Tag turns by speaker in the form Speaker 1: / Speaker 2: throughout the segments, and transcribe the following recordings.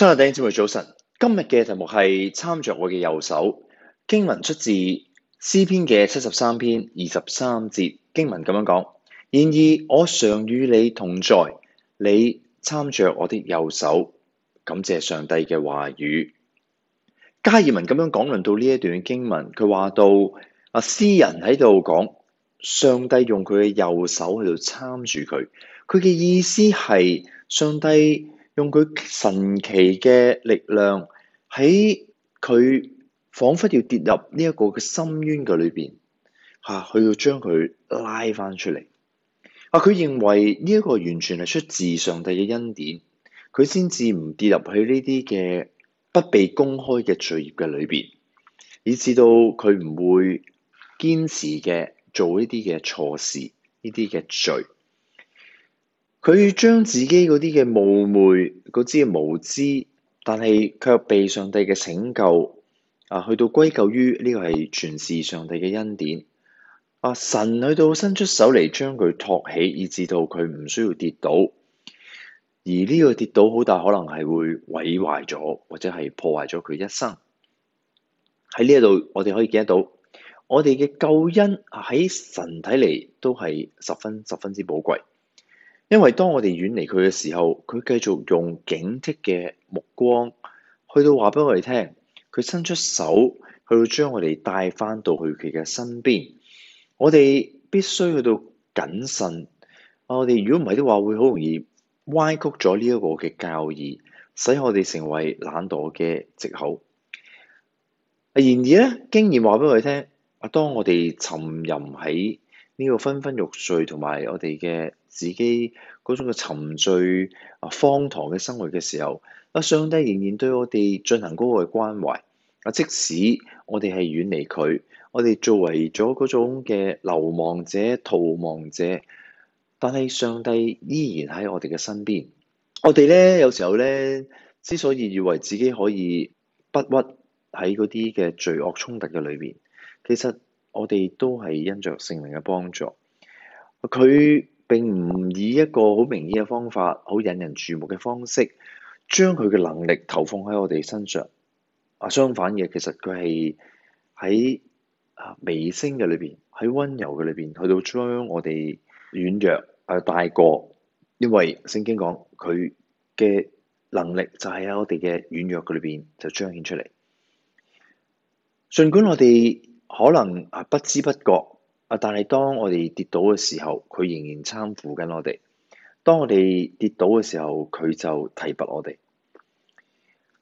Speaker 1: 親愛的姊妹早晨，今日嘅題目係攙着我嘅右手，經文出自詩篇嘅七十三篇二十三節，經文咁樣講：然而我常與你同在，你攙着我的右手。感謝上帝嘅話語。加爾文咁樣講論到呢一段經文，佢話到啊，詩人喺度講，上帝用佢嘅右手喺度攙住佢，佢嘅意思係上帝，用佢神奇嘅力量喺佢仿佛要跌入呢一個嘅深淵嘅裏邊，吓，佢要將佢拉翻出嚟。啊，佢認為呢一個完全係出自上帝嘅恩典，佢先至唔跌入去呢啲嘅不被公開嘅罪孽嘅裏邊，以至到佢唔會堅持嘅做呢啲嘅錯事，呢啲嘅罪。佢將自己嗰啲嘅冒昧、嗰啲嘅無知，但係卻被上帝嘅拯救啊，去到歸咎於呢個係全是上帝嘅恩典。啊，神去到伸出手嚟將佢托起，以至到佢唔需要跌倒。而呢個跌倒好大可能係會毀壞咗，或者係破壞咗佢一生。喺呢一度，我哋可以見得到，我哋嘅救恩喺神睇嚟都係十分十分之寶貴。因為當我哋遠離佢嘅時候，佢繼續用警惕嘅目光去到話俾我哋聽，佢伸出手去到將我哋帶翻到去佢嘅身邊。我哋必須去到謹慎。我哋如果唔係啲話，會好容易歪曲咗呢一個嘅教義，使我哋成為懶惰嘅借口。然而咧，經驗話俾我哋聽，當我哋沉吟喺。呢個昏昏欲睡同埋我哋嘅自己嗰種嘅沉醉啊，荒唐嘅生活嘅時候，阿，上帝仍然對我哋進行嗰個關懷。即使我哋係遠離佢，我哋作為咗嗰種嘅流亡者、逃亡者，但係上帝依然喺我哋嘅身邊。我哋咧，有時候咧之所以以為自己可以不屈喺嗰啲嘅罪惡衝突嘅裏面，其實我哋都係因着聖靈嘅幫助，佢並唔以一個好明顯嘅方法，好引人注目嘅方式，將佢嘅能力投放喺我哋身上。啊，相反嘅，其實佢係喺微聲嘅裏邊，喺溫柔嘅裏邊，去到將我哋軟弱啊，呃、帶過。因為聖經講，佢嘅能力就係喺我哋嘅軟弱嘅裏邊就彰顯出嚟。盡管我哋。可能啊，不知不覺啊，但係當我哋跌倒嘅時候，佢仍然攙扶緊我哋；當我哋跌倒嘅時候，佢就提拔我哋；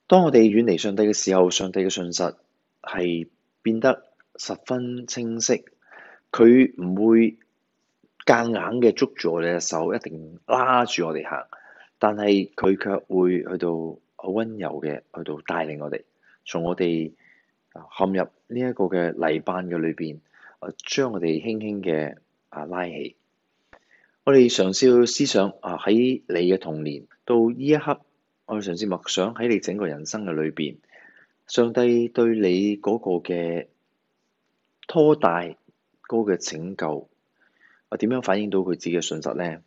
Speaker 1: 當我哋遠離上帝嘅時候，上帝嘅信實係變得十分清晰。佢唔會夾硬嘅捉住我哋嘅手，一定拉住我哋行。但係佢卻會去到好溫柔嘅，去到帶領我哋從我哋。陷入呢一個嘅泥班嘅裏邊，我、啊、將我哋輕輕嘅啊拉起，我哋嘗試思想啊喺你嘅童年到呢一刻，我哋嘗試默想喺你整個人生嘅裏邊，上帝對你嗰個嘅拖大、高、那、嘅、個、拯救，我、啊、點樣反映到佢自己嘅信實咧？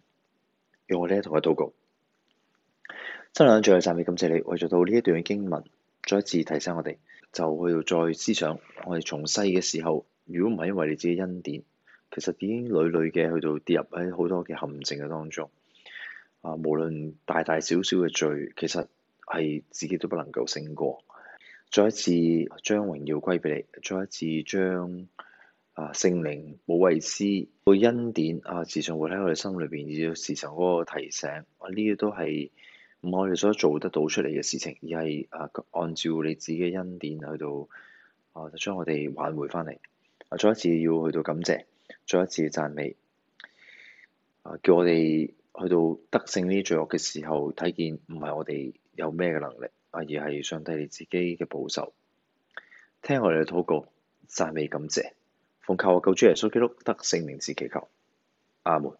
Speaker 1: 用我咧同佢禱告。真主啊，最後站，亦感謝你，為咗到呢一段嘅經文，再一次提醒我哋。就去到再思想，我哋從細嘅時候，如果唔係因為你自己恩典，其實已經屢屢嘅去到跌入喺好多嘅陷阱嘅當中。啊，無論大大小小嘅罪，其實係自己都不能夠勝過。再一次將榮耀歸俾你，再一次將啊聖靈、保惠師、個恩典啊，時常活喺我哋心裏邊，要時常嗰個提醒。啊，呢啲都係。唔係我哋所做得到出嚟嘅事情，而係啊按照你自己嘅恩典去到啊，將我哋挽回翻嚟。啊，再一次要去到感謝，再一次嘅讚美啊，叫我哋去到得勝呢罪惡嘅時候，睇見唔係我哋有咩嘅能力啊，而係上帝你自己嘅保守。聽我哋嘅禱告，讚美感謝，奉靠我救主耶穌基督得勝名字祈求，阿門。